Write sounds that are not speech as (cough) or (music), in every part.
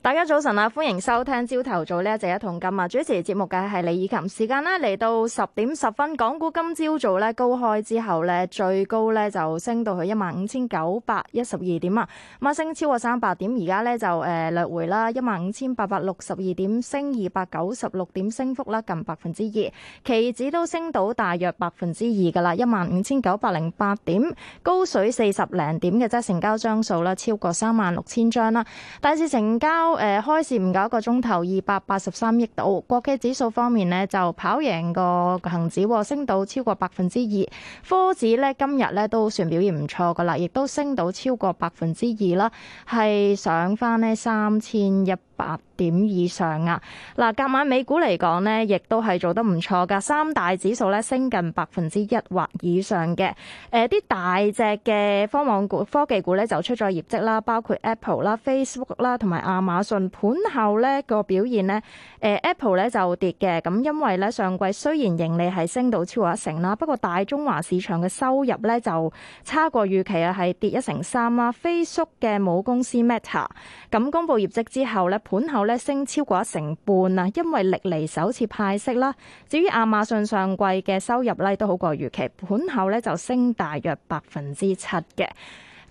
大家早晨啊！歡迎收聽朝頭早呢一一桶金啊！主持節目嘅係李以琴。時間咧嚟到十點十分，港股今朝早咧高開之後咧，最高咧就升到去一萬五千九百一十二點啊！咁啊，升超過三百點，而家咧就誒略回啦，一萬五千八百六十二點升，升二百九十六點，升幅啦近百分之二，期指都升到大約百分之二噶啦，一萬五千九百零八點，高水四十零點嘅啫，成交張數啦超過三萬六千張啦，大市成交。誒、呃，開市唔夠一個鐘頭，二百八十三億。到國企指數方面呢，就跑贏個恒指，升到超過百分之二。科指呢，今日呢都算表現唔錯㗎喇，亦都升到超過百分之二啦，係上翻呢三千一百點以上啊？嗱，隔晚美股嚟講咧，亦都係做得唔錯噶，三大指數咧升近百分之一或以上嘅。誒、呃、啲大隻嘅科網股科技股咧就出咗業績啦，包括 Apple 啦、Facebook 啦同埋亞馬遜盤後咧個表現咧，誒、呃、Apple 咧就跌嘅，咁因為咧上季雖然盈利係升到超過一成啦，不過大中華市場嘅收入咧就差過預期 3, 啊，係跌一成三啦。Facebook 嘅母公司 Meta 咁公布業績之後咧，盤後，升超過一成半啊，因為歷來首次派息啦。至於亞馬遜上季嘅收入咧都好過預期，盤後咧就升大約百分之七嘅。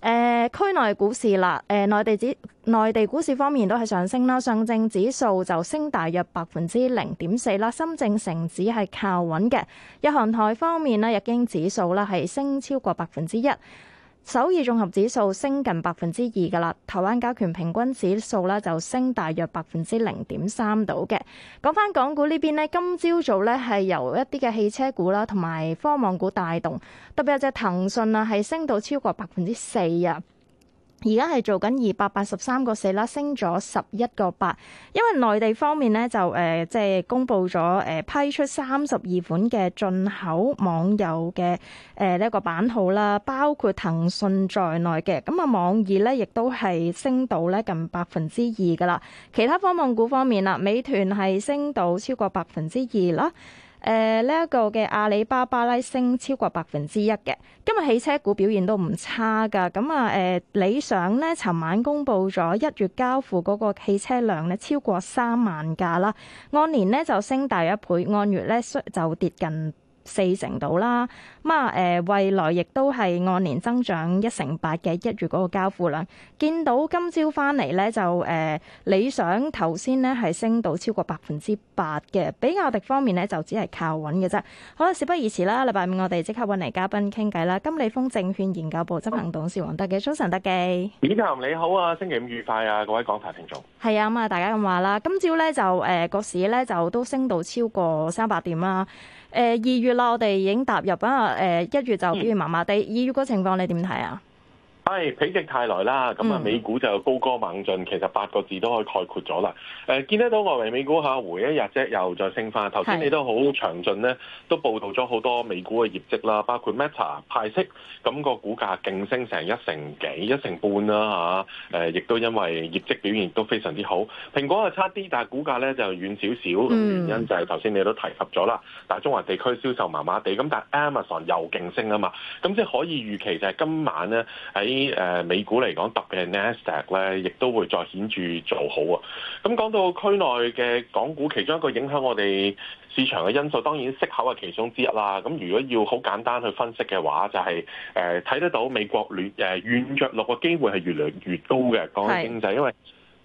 誒、呃，區內股市啦，誒、呃、內地指內地股市方面都係上升啦，上證指數就升大約百分之零點四啦，深證成指係靠穩嘅。日韓台方面咧，日經指數咧係升超過百分之一。首爾綜合指數升近百分之二噶啦，台灣加權平均指數呢就升大約百分之零點三度嘅。講返港股呢邊，呢今朝早呢係由一啲嘅汽車股啦同埋科網股帶動，特別有隻騰訊啊，係升到超過百分之四啊。而家係做緊二百八十三個四啦，升咗十一個八。因為內地方面呢，就、呃、誒，即係公布咗誒、呃、批出三十二款嘅進口網遊嘅誒呢一個版號啦，包括騰訊在內嘅。咁啊，網易呢亦都係升到咧近百分之二噶啦。其他科網股方面啦，美團係升到超過百分之二啦。誒，呢一、呃這個嘅阿里巴巴咧升超過百分之一嘅，今日汽車股表現都唔差噶。咁啊，誒、呃，理想咧，尋晚公布咗一月交付嗰個汽車量咧超過三萬架啦，按年咧就升大一倍，按月咧就跌近。四成度啦，咁啊，誒，未來亦都係按年增長一成八嘅一月嗰個交付量。見到今朝翻嚟咧，就誒、嗯、理想頭先咧係升到超過百分之八嘅，比亞迪方面咧就只係靠穩嘅啫。好啦，事不宜遲啦，禮拜五我哋即刻揾嚟嘉賓傾偈啦。金利豐證券研究部執行董事黃德幾，早晨，德記，李監你好啊，星期五愉快啊。各位廣大聽眾係啊，咁啊，大家咁話啦，今朝咧就誒個、呃、市咧就都升到超過三百點啦。誒二月啦，我哋已經踏入啦。誒、呃、一月就表現麻麻地，二月個情況你點睇啊？係，否極、哎、泰來啦，咁、嗯、啊美股就高歌猛進，其實八個字都可以概括咗啦。誒、呃，見得到外圍美股下、啊、回一日啫，又再升翻。頭先你都好詳盡咧，都報導咗好多美股嘅業績啦，包括 Meta 派息，咁個股價勁升成一成幾、一成半啦、啊、嚇。誒、啊，亦、呃、都因為業績表現都非常之好。蘋果係差啲，但係股價咧就軟少少，原因就係頭先你都提及咗啦。但係中華地區銷售麻麻地，咁但係 Amazon 又勁升啊嘛，咁、嗯、即係可以預期就係今晚咧喺。啲誒美股嚟講，特別係 Nasdaq 咧，亦都會再顯著做好喎。咁講到區內嘅港股，其中一個影響我哋市場嘅因素，當然息口係其中之一啦。咁如果要好簡單去分析嘅話，就係誒睇得到美國越誒軟著陸嘅機會係越嚟越高嘅，講緊、嗯、經濟，是因為。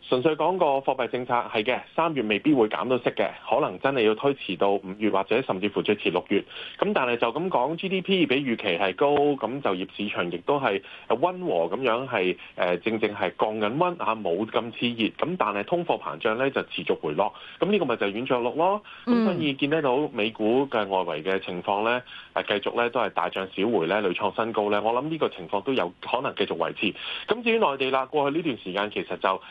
純粹講個貨幣政策係嘅，三月未必會減到息嘅，可能真係要推遲到五月或者甚至乎最遲六月。咁但係就咁講，GDP 比預期係高，咁就業市場亦都係誒溫和咁樣係誒，正正係降緊溫吓，冇咁熾熱。咁但係通貨膨脹咧就持續回落。咁呢個咪就係軟着陸咯。咁、嗯、所以見得到美股嘅外圍嘅情況咧，係繼續咧都係大漲小回咧，屢創新高咧。我諗呢個情況都有可能繼續維持。咁至於內地啦，過去呢段時間其實就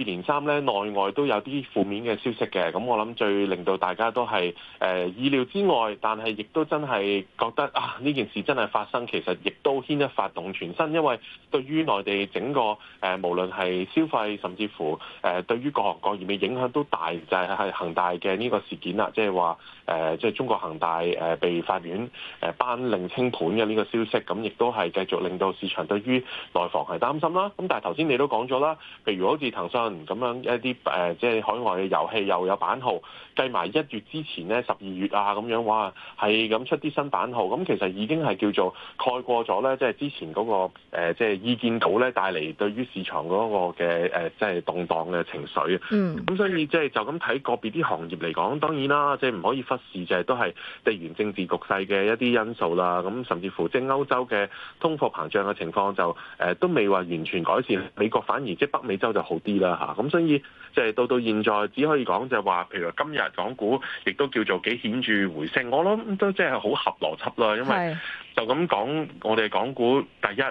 二連三咧，內外都有啲負面嘅消息嘅，咁我諗最令到大家都係誒、呃、意料之外，但係亦都真係覺得啊，呢件事真係發生，其實亦都牽一發動全身，因為對於內地整個誒、呃，無論係消費，甚至乎誒、呃，對於各行各業嘅影響都大，就係、是、恒大嘅呢個事件啦，即係話誒，即、呃、係、就是、中國恒大誒被法院誒頒令清盤嘅呢個消息，咁亦都係繼續令到市場對於內房係擔心啦。咁但係頭先你都講咗啦，譬如好似騰訊。咁樣一啲誒、呃，即係海外嘅遊戲又有版號，計埋一月之前咧，十二月啊咁樣，哇，係咁出啲新版號。咁、嗯、其實已經係叫做蓋過咗咧，即係之前嗰、那個、呃、即係意見稿咧帶嚟對於市場嗰個嘅誒、呃，即係動盪嘅情緒。嗯，咁所以即係就咁睇個別啲行業嚟講，當然啦，即係唔可以忽視，就係、是、都係地緣政治局勢嘅一啲因素啦。咁、嗯、甚至乎即係歐洲嘅通貨膨脹嘅情況，就誒、呃、都未話完全改善。美國反而即係北美洲就好啲啦。啊，咁所以即係到到現在，只可以講就係話，譬如今日港股亦都叫做幾顯著回升，我諗都即係好合邏輯啦，因為就咁講，我哋港股第一。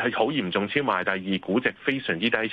係好嚴重，超賣。第二，估值非常之低殘。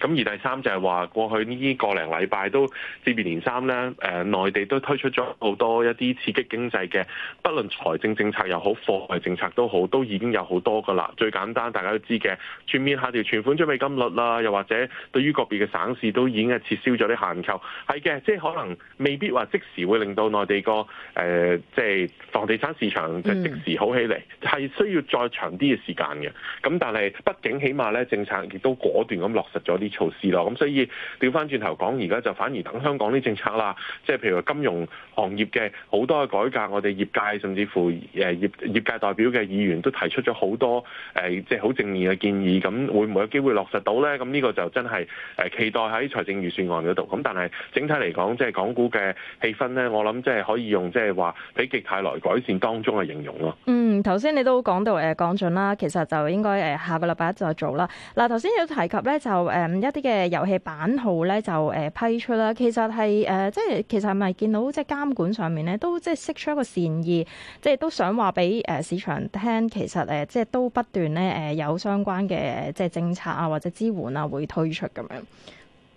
咁而第三就係話，過去呢啲個零禮拜都接二連三咧。誒，內地都推出咗好多一啲刺激經濟嘅，不論財政政策又好，貨幣政策都好，都已經有好多㗎啦。最簡單大家都知嘅，全面下調存款準備金率啦，又或者對於個別嘅省市都已經係撤銷咗啲限購。係嘅，即係可能未必話即時會令到內地個誒，即係房地產市場即時好起嚟，係需要再長啲嘅時間嘅。咁但係，畢竟起碼咧，政策亦都果斷咁落實咗啲措施咯。咁所以，調翻轉頭講，而家就反而等香港啲政策啦，即係譬如金融行業嘅好多嘅改革，我哋業界甚至乎誒業、呃、業界代表嘅議員都提出咗好多誒、呃，即係好正面嘅建議。咁會唔會有機會落實到咧？咁呢個就真係誒、呃、期待喺財政預算案嗰度。咁但係整體嚟講，即係港股嘅氣氛咧，我諗即係可以用即係話比極態來否極泰來改善當中嘅形容咯。嗯，頭先你都講到誒講盡啦，其實就應該。誒下個禮拜一就做啦。嗱，頭先有提及咧，就誒一啲嘅遊戲版號咧，就誒批出啦。其實係誒，即、呃、係其實係咪見到即係監管上面咧，都即係釋出一個善意，即係都想話俾誒市場聽，其實誒即係都不斷咧誒有相關嘅即係政策啊或者支援啊會推出咁樣。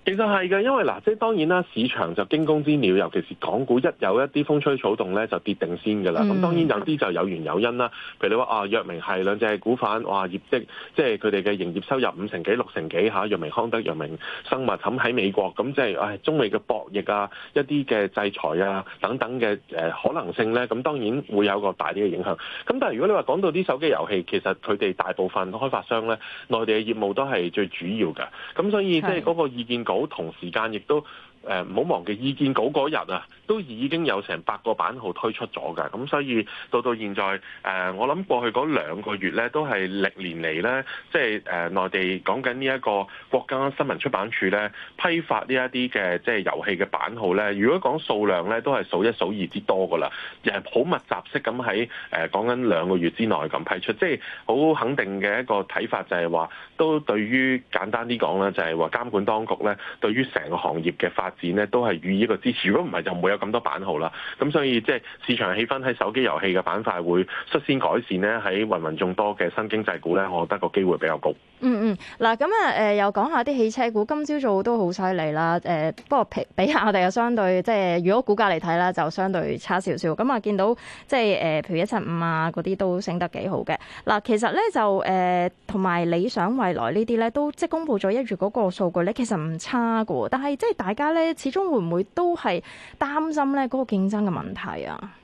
其實係嘅，因為嗱，即係當然啦，市場就驚弓之鳥，尤其是港股一有一啲風吹草動咧，就跌定先㗎啦。咁、嗯、當然有啲就有緣有因啦。譬如你話啊，藥明係兩隻股份，哇業績即係佢哋嘅營業收入五成幾六成幾嚇，啊、藥明康德、藥明生物咁喺美國，咁即係唉中美嘅博弈啊，一啲嘅制裁啊等等嘅誒可能性咧，咁當然會有個大啲嘅影響。咁但係如果你話講到啲手機遊戲，其實佢哋大部分開發商咧內地嘅業務都係最主要㗎，咁所以即係嗰個意見。早同時間亦都。誒唔好忘記意見稿嗰日啊，都已經有成百個版號推出咗㗎，咁所以到到現在誒、呃，我諗過去嗰兩個月咧，都係歷年嚟咧，即係誒內地講緊呢一個國家新聞出版處咧，批發呢一啲嘅即係遊戲嘅版號咧，如果講數量咧，都係數一數二之多㗎啦，又係好密集式咁喺誒講緊兩個月之內咁批出，即係好肯定嘅一個睇法就係話，都對於簡單啲講啦，就係、係、話監管當局咧，對於成個行業嘅發發展咧都係予以一個支持，如果唔係就唔會有咁多版號啦。咁所以即係市場氣氛喺手機遊戲嘅板塊會率先改善呢，喺芸芸眾多嘅新經濟股咧，我覺得個機會比較高。嗯嗯，嗱咁啊誒，又講下啲汽車股，今朝早都好犀利啦。誒、呃、不過比比下我哋又相對即係如果股價嚟睇啦，就相對差少少。咁啊見到即係誒、呃、譬如一七五啊嗰啲都升得幾好嘅。嗱其實咧就誒同埋理想未來呢啲咧都即係公布咗一月嗰個數據咧，其實唔差㗎。但係即係大家咧。始終會唔會都係擔心咧嗰個競爭嘅問題啊？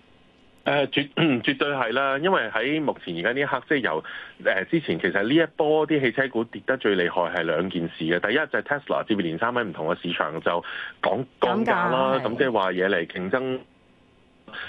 誒、呃，絕絕對係啦，因為喺目前而家呢一刻，即係由誒、呃、之前，其實呢一波啲汽車股跌得最厲害係兩件事嘅，第一就係 Tesla 接二連三喺唔同嘅市場就降降價啦，咁即係話嘢嚟競爭。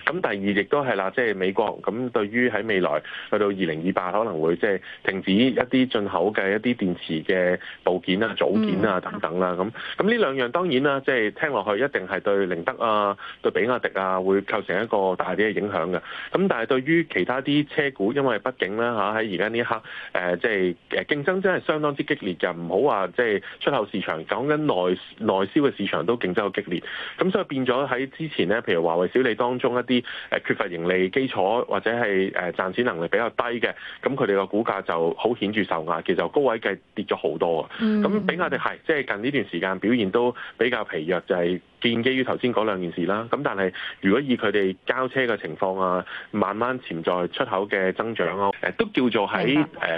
咁第二亦都係啦，即係美國咁對於喺未來去到二零二八可能會即係停止一啲進口嘅一啲電池嘅部件啊、組件啊等等啦。咁咁呢兩樣當然啦，即係聽落去一定係對寧德啊、對比亞迪啊會構成一個大啲嘅影響嘅。咁但係對於其他啲車股，因為畢竟啦，嚇喺而家呢一刻誒，即係誒競爭真係相當之激烈嘅，唔好話即係出口市場，講緊內內銷嘅市場都競爭好激烈。咁所以變咗喺之前咧，譬如華為、小李當中。中一啲誒缺乏盈利基礎，或者係誒賺錢能力比較低嘅，咁佢哋嘅股價就好顯著受壓。其實高位計跌咗好多啊，咁、嗯、比亞迪係即係近呢段時間表現都比較疲弱，就係、是。奠基於頭先嗰兩件事啦，咁但係如果以佢哋交車嘅情況啊，慢慢潛在出口嘅增長咯、啊，誒都叫做喺誒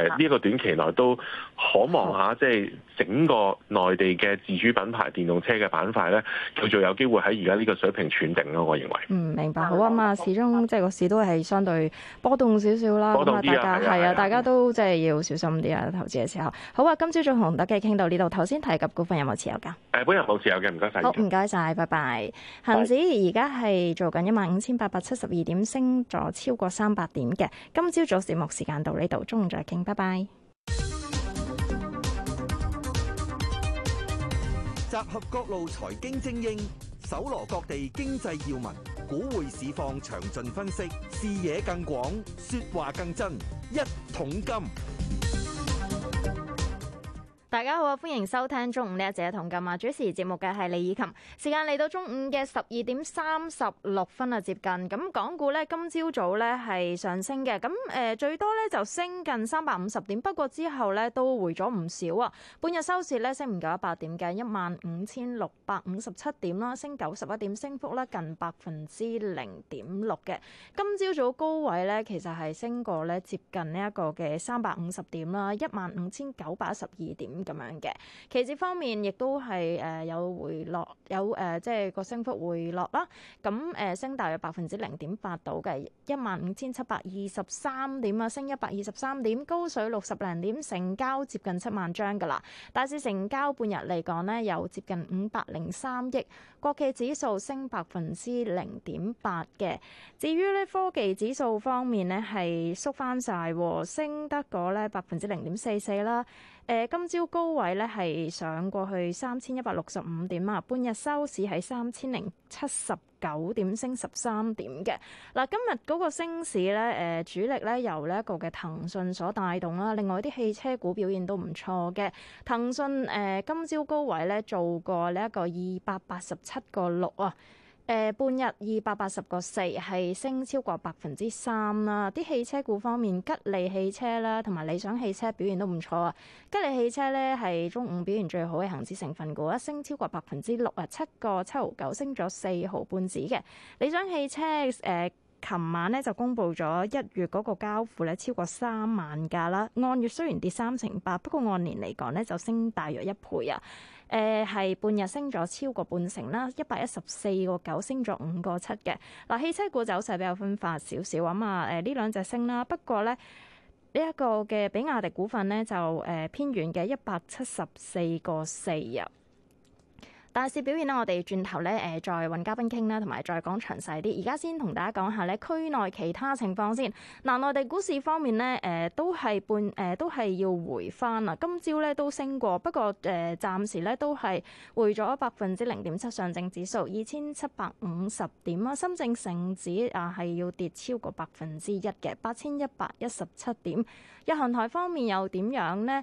呢一個短期內都可望下，即係整個內地嘅自主品牌電動車嘅板塊咧，叫做有機會喺而家呢個水平轉定咯、啊。我認為。嗯，明白。好啊嘛，始終即係個市都係相對波動少少啦。波動啲啊。係家啊，啊啊大家都即係要小心啲啊，投資嘅時候。好啊，今朝早同德幾傾到呢度。頭先提及股份有冇持有㗎？誒，本人冇持有嘅，唔該晒。好，唔該曬。拜拜，恒指而家係做緊一萬五千八百七十二點，升咗超過三百點嘅。今朝早節目時間到呢度，中午再傾，拜拜。集合各路財經精英，搜羅各地經濟要聞，股匯市況詳盡分析，視野更廣，說話更真，一桶金。大家好啊，歡迎收聽中午呢一節《同金》啊！主持節目嘅係李以琴。時間嚟到中午嘅十二點三十六分啊，接近咁港股呢。今朝早呢係上升嘅，咁誒最多呢就升近三百五十點，不過之後呢都回咗唔少啊。半日收市呢升唔夠一百點嘅，一萬五千六百五十七點啦，升九十一點，升幅呢近百分之零點六嘅。今朝早，早高位呢其實係升過呢接近呢一個嘅三百五十點啦，一萬五千九百十二點。15, 咁樣嘅，期指方面亦都係誒、呃、有回落，有誒、呃、即係個升幅回落啦。咁誒、呃、升大約百分之零點八到嘅一萬五千七百二十三點啊，升一百二十三點，高水六十零點，成交接近七萬張噶啦。大市成交半日嚟講呢，有接近五百零三億。國企指數升百分之零點八嘅，至於呢科技指數方面呢，係縮翻曬，升得個呢百分之零點四四啦。誒今朝高位咧係上過去三千一百六十五點啊，半日收市係三千零七十九點，升十三點嘅。嗱，今日嗰個升市咧，誒主力咧由呢一個嘅騰訊所帶動啦，另外啲汽車股表現都唔錯嘅。騰訊誒今朝高位咧做過呢一個二百八十七個六啊。誒半日二百八十個四係升超過百分之三啦，啲汽車股方面，吉利汽車啦同埋理想汽車表現都唔錯啊！吉利汽車咧係中午表現最好嘅恆指成分股，一升超過百分之六啊，七個七毫九升咗四毫半子嘅。理想汽車誒，琴、呃、晚咧就公布咗一月嗰個交付咧超過三萬架啦，按月雖然跌三成八，不過按年嚟講咧就升大約一倍啊！誒係、嗯、半日升咗超過半成啦，一百一十四個九升咗五個七嘅嗱。汽車股走勢比較分化少少啊嘛。呢、嗯嗯、兩隻升啦，不過咧呢一、呢個嘅比亞迪股份咧就誒、呃、偏遠嘅一百七十四個四啊。大市表現咧，我哋轉頭咧，誒再揾嘉賓傾啦，同埋再講詳細啲。而家先同大家講下咧，區內其他情況先。嗱、呃，內地股市方面咧，誒、呃、都係半，誒、呃、都係要回翻啦。今朝咧都升過，不過誒、呃、暫時咧都係回咗百分之零點七。上證指數二千七百五十點啊，深證成指啊係要跌超過百分之一嘅八千一百一十七點。日韓台方面又點樣呢？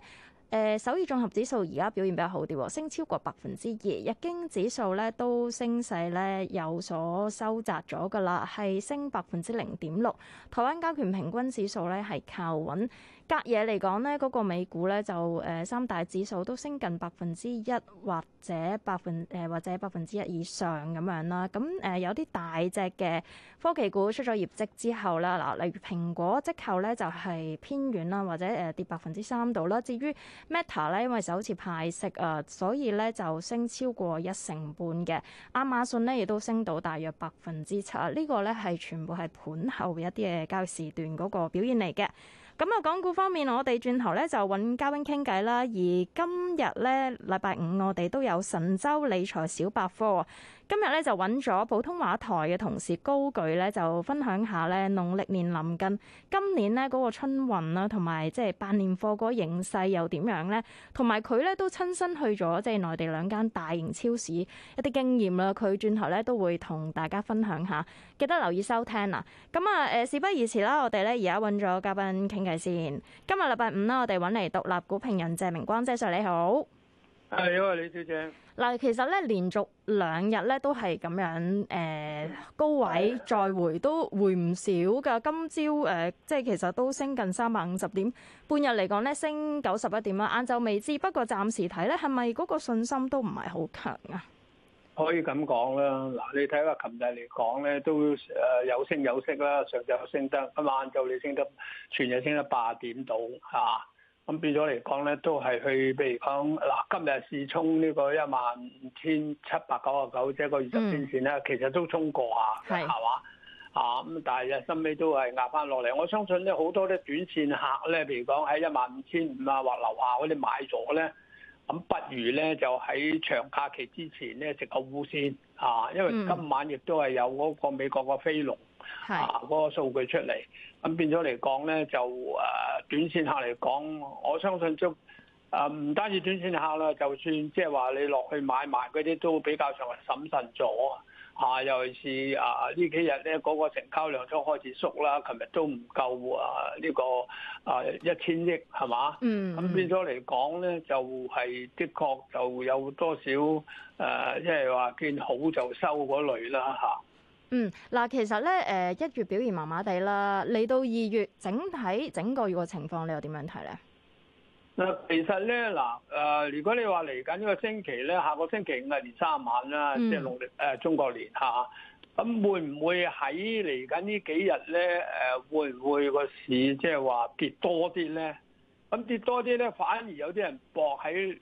誒、呃，首爾綜合指數而家表現比較好啲，升超過百分之二。日經指數咧都升勢咧有所收窄咗㗎喇，係升百分之零點六。台灣加權平均指數咧係靠穩。隔夜嚟講呢，嗰個美股呢，就誒、呃、三大指數都升近百分之一，或者百分誒、呃、或者百分之一以上咁樣啦。咁誒、呃、有啲大隻嘅科技股出咗業績之後啦，嗱例如蘋果，即後呢，就係、是、偏軟啦，或者誒、呃、跌百分之三度啦。至於 Meta 呢，因為首次派息啊，所以呢就升超過一成半嘅。亞馬遜呢，亦都升到大約百分之七啊。呢、這個呢，係全部係盤後一啲嘅交易時段嗰個表現嚟嘅。咁啊，港股方面，我哋轉頭咧就揾嘉賓傾偈啦。而今日咧，禮拜五我哋都有神州理財小百科。今日咧就揾咗普通話台嘅同事高舉咧，就分享下咧農曆年臨近今年呢嗰個春運啦，同埋即係辦年貨嗰個形勢又點樣呢？同埋佢咧都親身去咗即係內地兩間大型超市一啲經驗啦。佢轉頭咧都會同大家分享下。記得留意收聽啊。咁啊，誒事不宜遲啦，我哋咧而家揾咗嘉賓傾偈先。今日禮拜五啦，我哋揾嚟獨立股評人謝明光姐，生，你好。係，啊， (music) 李小姐。嗱，其實咧連續兩日咧都係咁樣誒、呃、高位再回都回唔少㗎。今朝誒即係其實都升近三百五十點，半日嚟講咧升九十一點啦。晏晝未知，不過暫時睇咧係咪嗰個信心都唔係好強啊？可以咁講啦，嗱，你睇下琴日嚟講咧，都誒有升有息啦，上晝升得，今晚晏晝你升得，全日升得八點到嚇，咁、啊、變咗嚟講咧，都係去，譬如講嗱、啊，今日試衝呢個一萬五千七百九啊九，即係個二十天線咧，其實都衝過下，係嘛是？啊，咁但係啊，收尾都係壓翻落嚟。我相信咧，好多啲短線客咧，譬如講喺一萬五千五啊或樓下嗰啲買咗咧。咁不如咧就喺長假期之前咧食個烏先啊，因為今晚亦都係有嗰個美國個飛龍、嗯、啊嗰、嗰個數據出嚟，咁變咗嚟講咧就誒、呃、短線客嚟講，我相信即誒唔單止短線客啦，就算即係話你落去買賣嗰啲都比較上審慎咗。下、啊、尤其是啊，幾呢幾日咧，嗰、那個成交量都開始縮啦。琴日都唔夠啊，呢、這個啊一千億係嘛？嗯，咁變咗嚟講咧，就係的確就有多少誒，即係話見好就收嗰類啦嚇。嗯，嗱，其實咧誒一月表現麻麻地啦，嚟到二月整體整個月嘅情況，你又點樣睇咧？嗱，其實咧，嗱，誒，如果你話嚟緊呢個星期咧，下個星期五係年卅晚啦，即係農曆誒中國年嚇，咁會唔會喺嚟緊呢幾日咧？誒，會唔會個市即係話跌多啲咧？咁跌多啲咧，反而有啲人搏喺誒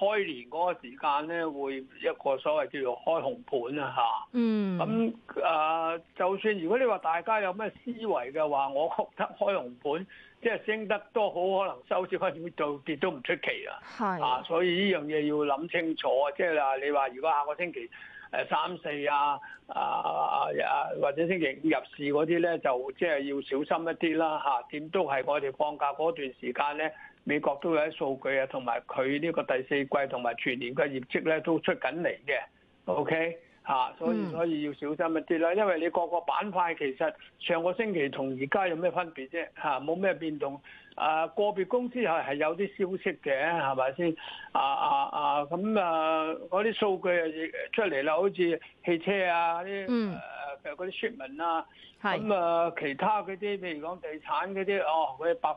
開年嗰個時間咧，會一個所謂叫做開紅盤啦嚇。啊、嗯。咁啊、呃，就算如果你話大家有咩思維嘅話，我覺得開紅盤。即係升得多，好可能收少翻，點做跌都唔出奇啦。係的啊，所以呢樣嘢要諗清楚啊。即係啦，你話如果下個星期誒三四啊啊啊或者星期五入市嗰啲咧，就即係要小心一啲啦嚇。點都係我哋放假嗰段時間咧，美國都有啲數據啊，同埋佢呢個第四季同埋全年嘅業績咧都出緊嚟嘅。OK。啊，所以所以要小心一啲啦，因為你各個個板塊其實上個星期同而家有咩分別啫？嚇、啊，冇咩變動。啊，個別公司係係有啲消息嘅，係咪先？啊啊啊，咁啊嗰啲數據出嚟啦，好似汽車啊啲，嗯誒譬如嗰啲説明啊，咁啊，是啊，其他嗰啲譬如講地產嗰啲，哦，佢白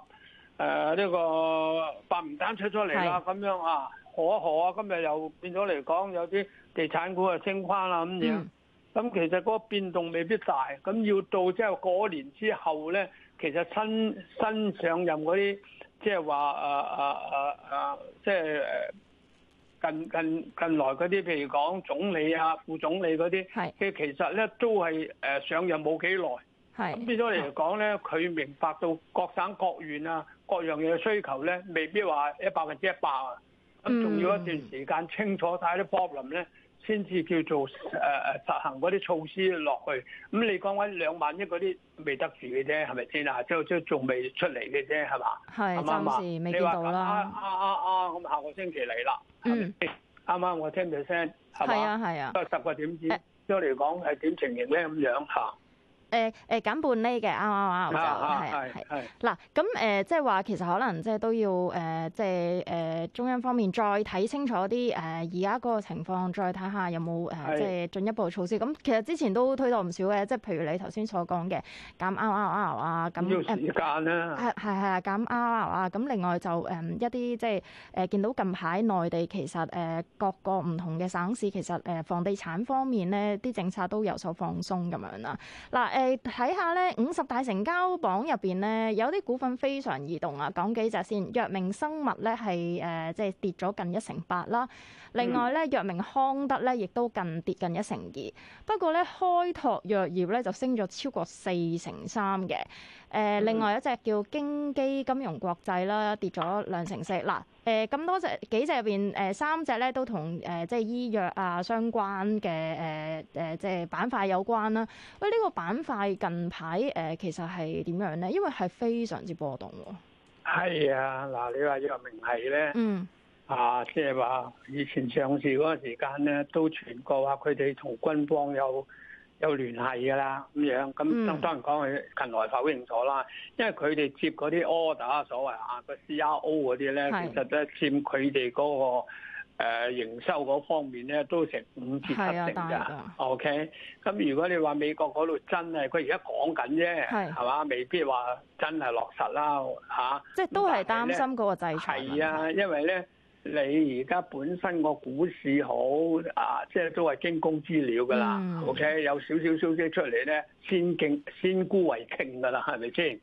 誒呢個白名單出咗嚟啦，咁是樣啊，何啊何啊，今日又變咗嚟講有啲。地產股啊，升翻啦咁樣。咁、mm. 其實嗰個變動未必大。咁要到即係過年之後咧，其實新新上任嗰啲，即係話啊啊啊啊，即係誒近近近來嗰啲，譬如講總理啊、副總理嗰啲，嘅、mm. 其實咧都係誒上任冇幾耐。係咁變咗嚟講咧，佢明白到各省各縣啊，各樣嘢嘅需求咧，未必話一百分之一百啊。咁仲要一段時間清楚曬啲 problem 咧。先至叫做誒誒實行嗰啲措施落去，咁你講緊兩萬億嗰啲未得住嘅啫，係咪先啊？即即仲未出嚟嘅啫，係嘛？係暫時未見到啦。你話啊啊啊啊！下個星期嚟啦。啱啱我聽到聲係嘛？係啊係啊。啊十個點子，即係嚟講係點情形咧？咁樣嚇。誒誒減半呢嘅 R R R 就係係係。嗱咁誒，即係話其實可能即係都要誒，即係誒中央方面再睇清楚啲誒，而家嗰個情況再睇下有冇誒，即係進一步措施。咁、嗯、其實之前都推到唔少嘅，即係譬如你頭先所講嘅減 R R R 啊，咁時間啦，係係係減 R R 啊。咁、嗯啊嗯啊嗯啊嗯、另外就誒、嗯、一啲即係誒、啊、見到近排內地其實誒、啊、各個唔同嘅省市其實誒房地產方面咧啲政策都有所放鬆咁樣啦。嗱、啊、誒。欸睇下咧，五十大成交榜入邊呢，有啲股份非常異動啊！講幾隻先，藥明生物咧係誒，即、呃、係、就是、跌咗近一成八啦。另外咧，藥明、嗯、康德咧亦都近跌近一成二。不過咧，開拓藥業咧就升咗超過四成三嘅。誒另外一隻叫京基金融國際啦，跌咗兩成四啊。嗱，誒咁多隻幾隻入邊，誒三隻咧都同誒、呃、即係醫藥啊相關嘅誒誒即係板塊有關啦。喂、呃，呢、這個板塊近排誒、呃、其實係點樣咧？因為係非常之波動喎。係啊，嗱，你話呢個名氣咧，嗯，啊，即係話以前上市嗰陣時間咧，都傳過話佢哋同軍方有有聯繫嘅啦，咁樣咁當然講佢近來否認咗啦，因為佢哋接嗰啲 order 所謂啊個 CRO 嗰啲咧，的其實咧佔佢哋嗰個誒、呃、營收嗰方面咧都成五至七成㗎。OK，咁的如果你話美國嗰度真係佢而家講緊啫，係嘛的？未必話真係落實啦嚇。即係的都係擔心嗰個制裁。係啊，因為咧。你而家本身個股市好啊，即係都係驚弓之鳥㗎啦。嗯、OK，有少少消息出嚟咧，先驚先沽為敬㗎啦，係咪先？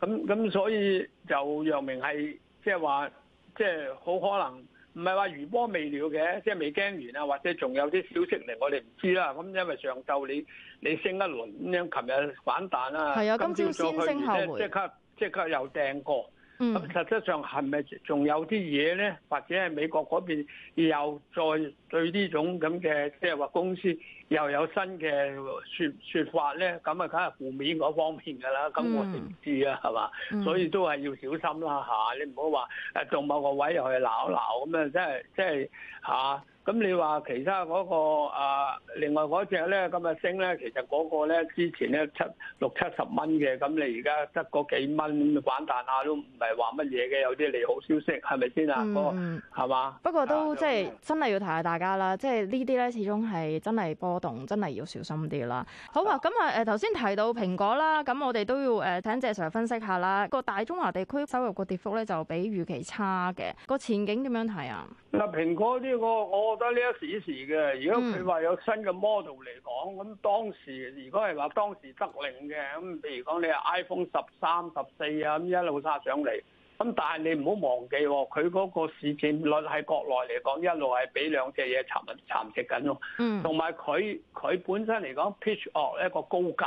咁咁所以就藥明系即係話，即係好可能唔係話餘波未了嘅，即係未驚完啊，或者仲有啲消息嚟，我哋唔知啦。咁因為上晝你你升一輪咁樣，琴日反彈啊，係啊，今朝先升後回，即刻即刻又掟過。咁、嗯、實質上係咪仲有啲嘢咧？或者係美國嗰邊又再對呢種咁嘅，即係話公司又有新嘅説説法咧？咁啊，梗係負面嗰方面㗎啦。咁我哋唔知啊，係嘛？所以都係要小心啦嚇、啊，你唔好話誒，做某個位又去鬧一鬧咁啊！即係即係嚇。啊咁你話其他嗰個啊，另外嗰隻咧咁啊升咧，其實嗰個咧之前咧七六七十蚊嘅，咁你而家得個幾蚊，反彈下都唔係話乜嘢嘅，有啲利好消息，係咪先啊？個係嘛？不過都即係真係要提下大家啦，即係呢啲咧始終係真係波動，真係要小心啲啦。好啊，咁啊誒頭先提到蘋果啦，咁我哋都要誒請謝 Sir 分析下啦。個大中華地區收入個跌幅咧就比預期差嘅，個前景點樣睇啊？嗱，蘋果呢、呢個我～得呢一時時嘅，嗯、如果佢話有新嘅 model 嚟講，咁當時如果係話當時得令嘅，咁譬如講你係 iPhone 十三、十四啊，咁一路殺上嚟，咁但係你唔好忘記喎，佢嗰個市佔率喺國內嚟講一路係俾兩隻嘢蠶蠶食緊喎，同埋佢佢本身嚟講 pitch of 一個高價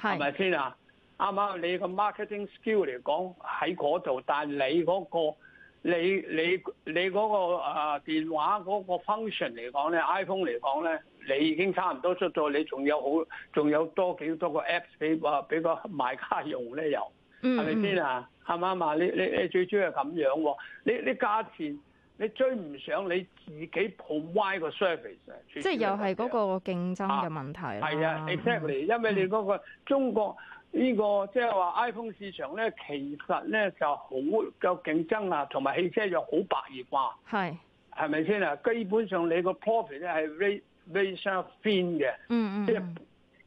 係咪先啊？啱啱是？你個 marketing skill 嚟講喺嗰度，但係你嗰、嗰個你你你嗰個啊電話嗰個 function 嚟講咧，iPhone 嚟講咧，你已經差唔多出咗，你仲有好仲有多幾多個 apps 俾個俾個賣家用咧又，係咪先啊？係咪啊嘛？你你你最主要係咁樣喎、哦，你你價錢你追唔上你自己 provide 個 service，即係又係嗰個競爭嘅問題啦。係啊，exactly，因為你嗰、嗰個、嗯、中國。呢個即係話 iPhone 市場咧，其實咧就好有競爭啊，同埋汽車又好白熱化、啊，係係咪先啊？基本上你個 profit 咧係 very very thin 嘅，嗯，嗯嗯，即係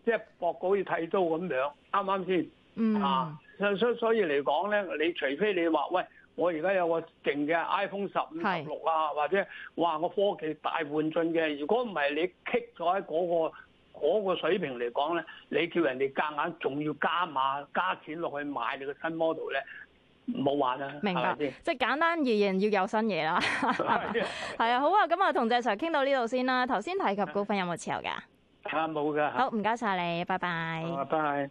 即係薄到好似剃刀咁樣，啱啱先？嗯啊，所以所以嚟講咧，你除非你話喂，我而家有個勁嘅 iPhone 十五是、十六啊，或者哇，我科技大換進嘅，如果唔係你 kick 咗喺嗰個。嗰個水平嚟講咧，你叫人哋夾硬仲要加碼加錢落去買你個新 model 咧，冇玩啦，明白？吧即係簡單而言，要有新嘢啦。係 (laughs) 啊， (laughs) (laughs) 好啊，咁啊，同謝 Sir 傾到呢度先啦。頭先提及股份有冇持有㗎？冇㗎。好，唔該晒你，拜拜。拜、uh, bye。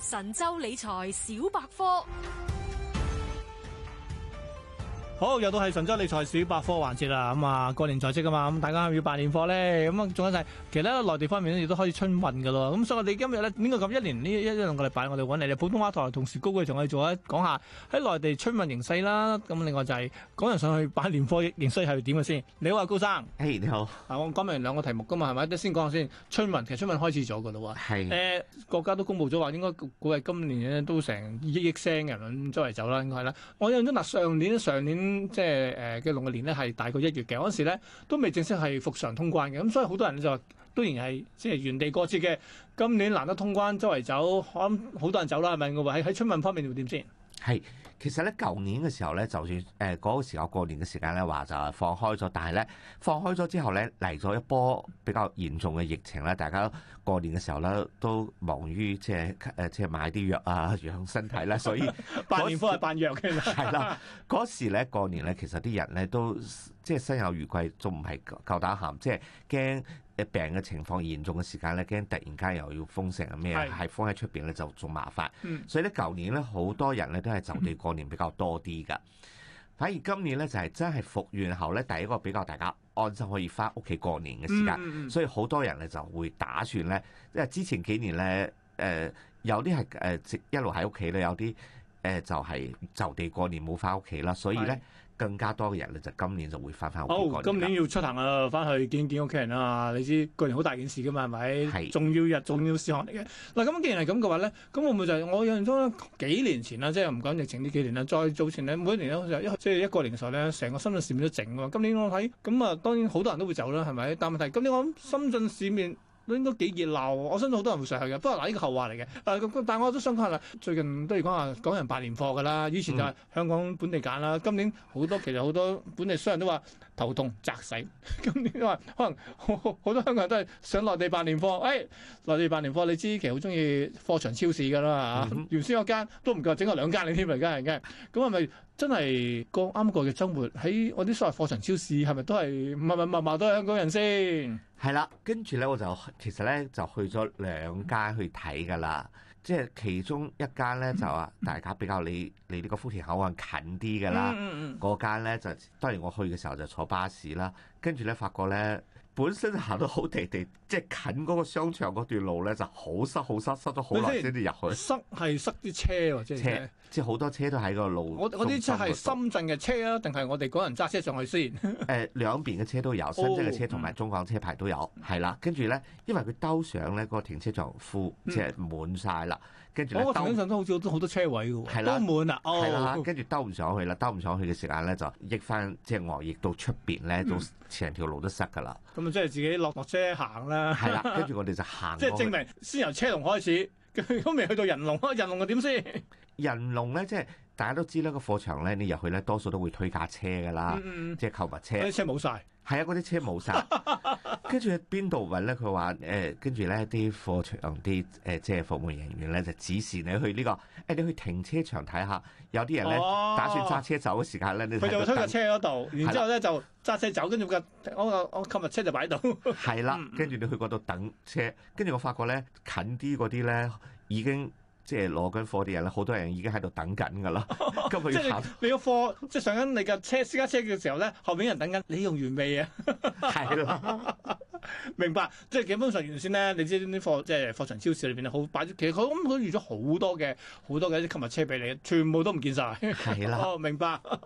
神州理財小百科。好，又到係神州理財小百科環節啦，咁啊過年在即噶嘛，咁大家要辦年貨咧，咁啊仲有就係其實內地方面咧亦都開始春運噶咯，咁所以我哋今日咧應該咁一年呢一一兩個禮拜我哋揾你哋普通話台同事高嘅，仲可以做一講下喺內地春運形勢啦，咁另外就係港人上去辦年貨形勢係點嘅先？你好啊高生，你好，啊我講完兩個題目噶嘛，係咪？得，先講下先春運，其實春運開始咗噶啦喎，係，誒國家都公佈咗話應該估計今年都成億億聲人周圍走啦，應該係啦。我有咗嗱上年上年。嗯、即係誒嘅農曆年咧係大概一月嘅，嗰陣時咧都未正式係復常通關嘅，咁所以好多人就當然係即係原地過節嘅。今年難得通關周圍走，可能好多人走啦係咪？我話喺喺春運方面會點先？係。其實咧，舊年嘅時候咧，就算誒嗰、呃嗰個時候過年嘅時間咧，話就放開咗，但係咧放開咗之後咧，嚟咗一波比較嚴重嘅疫情咧，大家過年嘅時候咧都忙於即係誒即係買啲藥啊，養身體啦，所以辦 (laughs) 年貨係辦藥嘅，係啦， (laughs) 嗰時咧過年咧，其實啲人咧都即係心有餘悸，仲唔係夠膽喊，即係驚。病嘅情況嚴重嘅時間咧，驚突然間又要封城啊咩，係是封喺出邊咧就仲麻煩。嗯、所以咧，舊年咧好多人咧都係就地過年比較多啲噶，反而今年咧就係真係復原後咧，第一個比較大家安心可以翻屋企過年嘅時間，嗯、所以好多人咧就會打算咧，即係之前幾年咧，誒有啲係誒一路喺屋企啦，有啲誒就係就地過年冇翻屋企啦，所以咧。更加多嘅人咧，就今年就會翻翻屋企過年。哦，今年要出行啊，翻去見見屋企人啊！你知過年好大件事噶嘛，係咪？係是。重要日，重要時刻嚟嘅。嗱，咁既然係咁嘅話咧，咁會唔會就係、我印象中幾年前啦，即係唔講疫情呢幾年啦，再早前咧，每一年都就一即係一個年曆咧，成個，個深圳市面都整㗎，今年我睇，咁啊當然好多人都會走啦，係咪？但問題，今年我諗深圳市面。應該幾熱鬧，我相信好多人會上去嘅。不過嗱，呢個後話嚟嘅。誒、呃，但係我都想講下啦。最近都要講下港人辦年貨嘅啦。以前就係香港本地揀啦。今年好多其實好多本地商人都話頭痛砸死。 (laughs) 今年都話可能好多香港人都係想內地辦年貨。誒、哎，內地辦年貨你知其實好中意貨場超市㗎啦、嗯、哼原先嗰間都唔夠，整個兩間添，兩間嘅。咁係咪？真係剛啱過嘅週末，喺我啲所謂貨場超市係咪都係唔係唔係都係香港人先？係啦，跟住咧我就其實咧就去咗兩間去睇㗎啦，即係其中一間咧就啊大家比較離離呢個福田口岸近啲㗎啦，嗰間咧就當然我去嘅時候就坐巴士啦，跟住咧發覺咧。本身行到好地地，即係近嗰個商場嗰段路咧，就好塞，好塞，塞到好難先至入去。塞係塞啲車喎，即係即係好多車都喺個路我。我啲車係深圳嘅車啊，定係我哋嗰人揸車上去先？誒、 (laughs) 呃，兩邊嘅車都有，深圳嘅車同埋中港車牌都有，係啦、oh。嗯嗯、跟住咧，因為佢兜上咧，個停車場庫即係滿晒啦。嗯跟住，我個相上都好似都好多車位嘅喎，啊、都滿啦、啊。哦、oh. 啊，跟住兜唔上去啦，兜唔上去嘅時間咧就益翻，即係外溢到出邊咧，嗯、都成條路都塞㗎啦。咁啊，即係自己落落車行啦。係啦，跟住我哋就行。即係證明先由車龍開始， (laughs) 都未去到人龍。人龍嘅點先？人龍咧，即係大家都知啦。個貨場咧，你入去咧，多數都會推架車㗎啦，嗯嗯、即係購物車。啲車冇晒。係啊，嗰啲車冇晒。跟住喺邊度揾咧？佢話誒，跟住咧啲貨場啲誒，即係服務人員咧就指示你去呢、這個，誒、哎、你去停車場睇下，有啲人咧、哦、打算揸車走嘅時間咧，你去嗰度等車嗰度，哦、然之後咧就揸車走，跟住個我個我今日車就擺度。係 (laughs) 啦、嗯，跟、嗯、住你去嗰度等車，跟住我發覺咧近啲嗰啲咧已經。即係攞緊貨啲人咧，好多人已經喺度等緊噶啦。今日要查你個貨， (laughs) 即係上緊你架車私家車嘅時候咧，後面有人等緊。你用完未啊？係啦，明白。即係基本上原先咧，你知啲貨即係貨場超市裏邊好擺，其實佢咁佢預咗好多嘅好多嘅啲購物車俾你，全部都唔見晒。係啦是的、 (laughs) 哦，明白 (laughs) 好。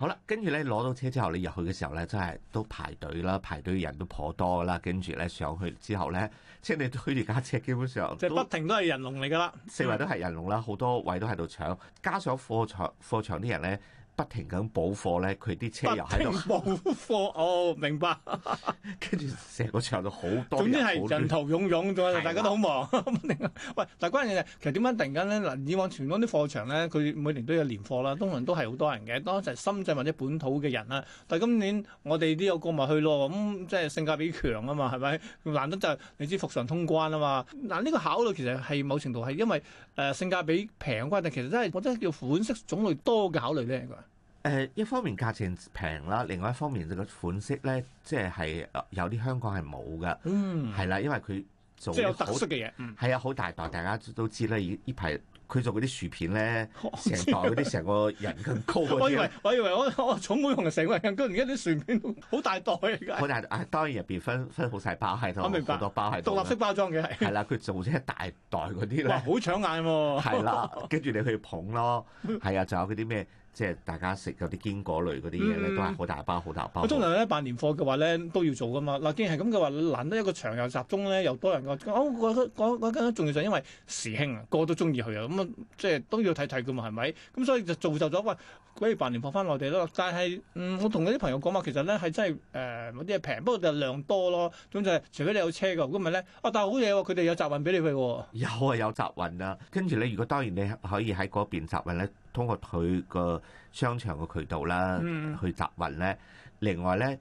好啦，跟住咧攞到車之後，你入去嘅時候咧，真係都排隊啦，排隊嘅人都頗多啦。跟住咧上去之後咧。即係你推住架車，基本上即係不停都係人龍嚟㗎喇。四圍都係人龍喇，好多位都喺度搶，加上貨場貨場啲人咧。不停咁補貨咧，佢啲車又喺度。不停補貨， (laughs) 哦，明白。跟住成個場都好多。總之係人頭湧湧仲，嗎大家都好忙。喂， (laughs) 但係關鍵就其實點解突然間咧？嗱，以往全港啲貨場咧，佢每年都有年貨啦，通常都係好多人嘅。當然就係深圳或者本土嘅人啦。但係今年我哋都有過埋去咯，咁、嗯、即係性價比強啊嘛，係咪？難得就係、是、你知復常通關啊嘛。嗱，呢個考慮其實係某程度係因為誒、呃、性價比平嘅關係，其實真係我真係叫款式種類多嘅考慮咧。誒、呃、一方面價錢平啦，另外一方面個款式咧，即係係有啲香港係冇嘅，係啦、嗯，因為佢做即係有特色嘅嘢。係、嗯、啊，好大袋，大家都知啦。依依排佢做嗰啲薯片咧，成袋嗰啲，成個人咁高我。我以為我，我以為我我寵妹同成個人咁高，而家啲薯片好大袋啊！好大啊！當然入邊分分好細包喺度，好多包喺度。獨立式包裝嘅係。係啦的，佢做啲大袋嗰啲咧，好搶眼。係啦， (laughs) 跟住你去捧咯。係啊， (laughs) 仲有嗰啲咩？即係大家食嗰啲堅果類嗰啲嘢咧，都係好大包，好、嗯、大包好。通常咧辦年貨嘅話咧，都要做噶嘛。嗱，既然係咁嘅話，難得一個場又集中咧，又多人個、哦。我覺得更加重要就係因為時興啊，個個都中意去啊，咁、嗯、啊，即係都要睇睇噶嘛，係咪？咁所以就造就咗喂，不、哎、如辦年貨翻內地咯。但係嗯，我同嗰啲朋友講話，其實咧係真係誒，嗰啲係平，不過就量多咯。總就係，除非你有車嘅，如果唔係咧，啊，但係好嘢喎，佢哋有集運俾你㗎、哦、喎。有啊，有集運啊。跟住你，如果當然你可以喺嗰邊集運咧。通過佢個商場嘅渠道啦，去集運咧。嗯、另外咧，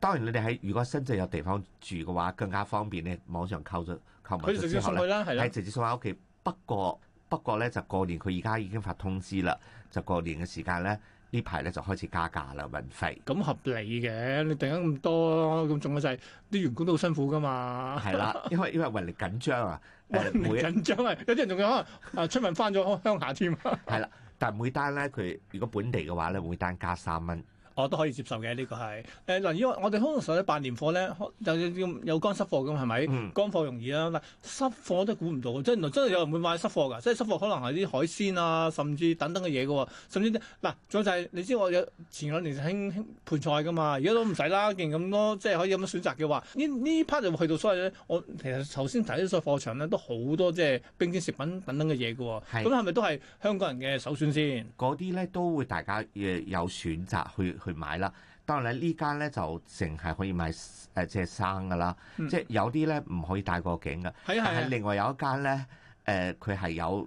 當然你哋喺如果深圳有地方住嘅話，更加方便咧。你網上購咗購物，佢直接送去啦，係直接送喺屋企。不過不過咧，就過年佢而家已經發通知啦，就過年嘅時間咧，呢排咧就開始加價啦，運費。咁合理嘅，你突然間咁多咁重嘅勢、就是，啲員工都好辛苦噶嘛。係 (laughs) 啦，因為因為運力緊張啊，運力 (laughs) 緊張啊，有啲人仲有可能啊出門翻咗鄉下添。係啦。但每單呢，佢如果本地嘅話呢，每單加三蚊。我、哦、都可以接受嘅，呢、這個係誒嗱，因為我哋通常上咧辦年貨咧，就有有有乾濕貨咁係咪？乾、嗯、貨容易啦、啊，嗱濕貨我都估唔到即係真係有人會買濕貨㗎，即係濕貨可能係啲海鮮啊，甚至等等嘅嘢㗎喎，甚至嗱，仲有就係、是、你知我有前兩年興興盆菜㗎嘛，而家都唔使啦，既然咁多即係可以咁樣選擇嘅話，呢呢 part 就去到所謂咧，我其實頭先睇啲所貨場咧都好多即係冰鮮食品等等嘅嘢㗎喎，咁係咪都係香港人嘅首選先？嗰啲咧都會大家有選擇去。去去買啦，當然咧呢間咧就淨係可以買誒即係生噶啦，即係、嗯、有啲咧唔可以帶過境嘅，啊、但係另外有一間咧誒佢係有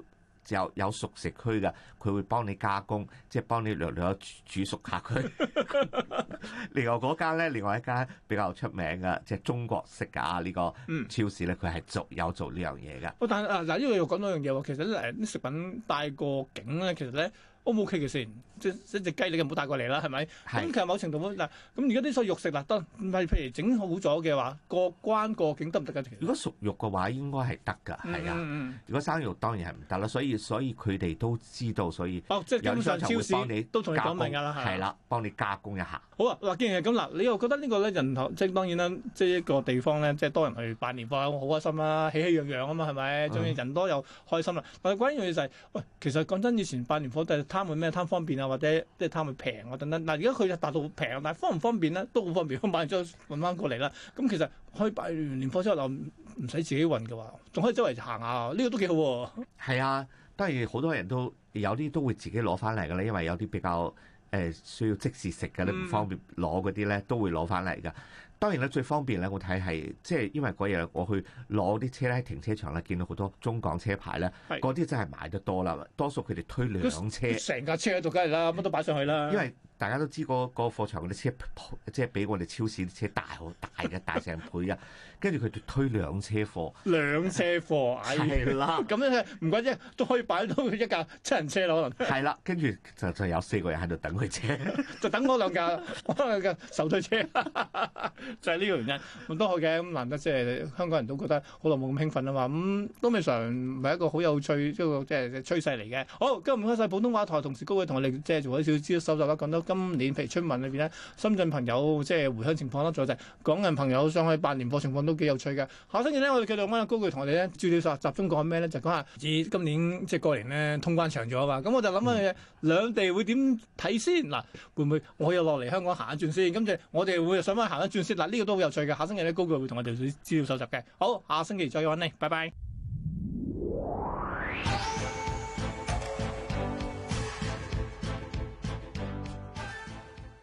有有熟食區嘅，佢會幫你加工，即係幫你略略煮熟客。佢。 (laughs) (laughs) 另外嗰間咧，另外一間比較出名嘅，即係中國式啊呢、呢個超市咧，佢係做有做呢樣嘢嘅。但係嗱，呢度要講多樣嘢喎，其實誒啲、呃、食品帶過境咧，其實咧 O 唔 OK 嘅先？可即一隻雞，你又唔好帶過嚟啦，係咪？咁是其實某程度嗱，咁而家啲所謂肉食啦，都唔係譬如整好咗嘅話，過關過境得唔得噶？行行如果熟肉嘅話，應該係得㗎，係啊、嗯。如果生肉當然係唔得啦。所以所以佢哋都知道，所以即商場會幫你、哦、都同你講明㗎啦，係啦，幫你加工一下。好啊，嗱，既然係咁嗱，你又覺得呢個咧人頭，即當然啦，即一個地方咧，即多人去辦年貨好開心啦、啊，喜氣洋洋啊嘛，係咪？仲要人多又開心啦、啊。但係關於一樣嘢就係，喂，其實講真，以前辦年貨都係貪咩？貪方便啊！或者即係貪佢平啊等等，嗱，而家佢就達到好平，但係方唔方便咧？都好方便，我買完之後運翻過嚟啦。咁其實可以擺完年貨之後就唔使自己運嘅話，仲可以周圍行下，呢個都幾好。係啊，當然好多人都有啲都會自己攞翻嚟嘅啦，因為有啲比較誒需要即時食嘅咧，唔方便攞嗰啲咧，都會攞翻嚟嘅。嗯當然咧，最方便咧，我睇係即係，因為嗰日我去攞啲車咧，喺停車場咧，見到好多中港車牌咧，嗰啲是真係買得多啦。多數佢哋推兩車，成架車喺度，梗係啦，乜都擺上去啦。因為大家都知嗰嗰貨場嗰啲車，即係俾我哋超市啲車大好大嘅， (laughs) 大成倍嘅、啊。跟住佢推兩車貨， (laughs) 兩車貨，係、哎、啦。咁咧唔怪之都可以擺到佢一架七人車咯，可能係啦。跟住就就有四個人喺度等佢車， (laughs) 就等嗰兩架嗰兩架手推車， (laughs) 就係呢個原因。都好嘅，咁難得即、就、係、是、香港人都覺得好耐冇咁興奮啊嘛。咁、嗯、都未常未嘗係一個好有趣，即係即係趨勢嚟嘅。好，今日唔該晒，普通話台同事各位同我哋，即係做咗少少收集啦，咁多。今年譬如春運裏邊咧，深圳朋友即係回鄉情況啦，再就係港人朋友上去辦年貨情況都幾有趣嘅。下星期咧，我哋繼續揾高句同我哋咧，資料搜集中講咩咧？就講下今年即係過年咧，通關長咗嘛。咁我就諗下嘢，嗯、兩地會點睇先？嗱、啊，會唔會我又落嚟香港行一轉先？跟住我哋會上翻行一轉先。嗱、啊，呢、呢個都好有趣嘅。下星期咧，高句會同我哋資料搜集嘅。好，下星期再揾你，拜拜。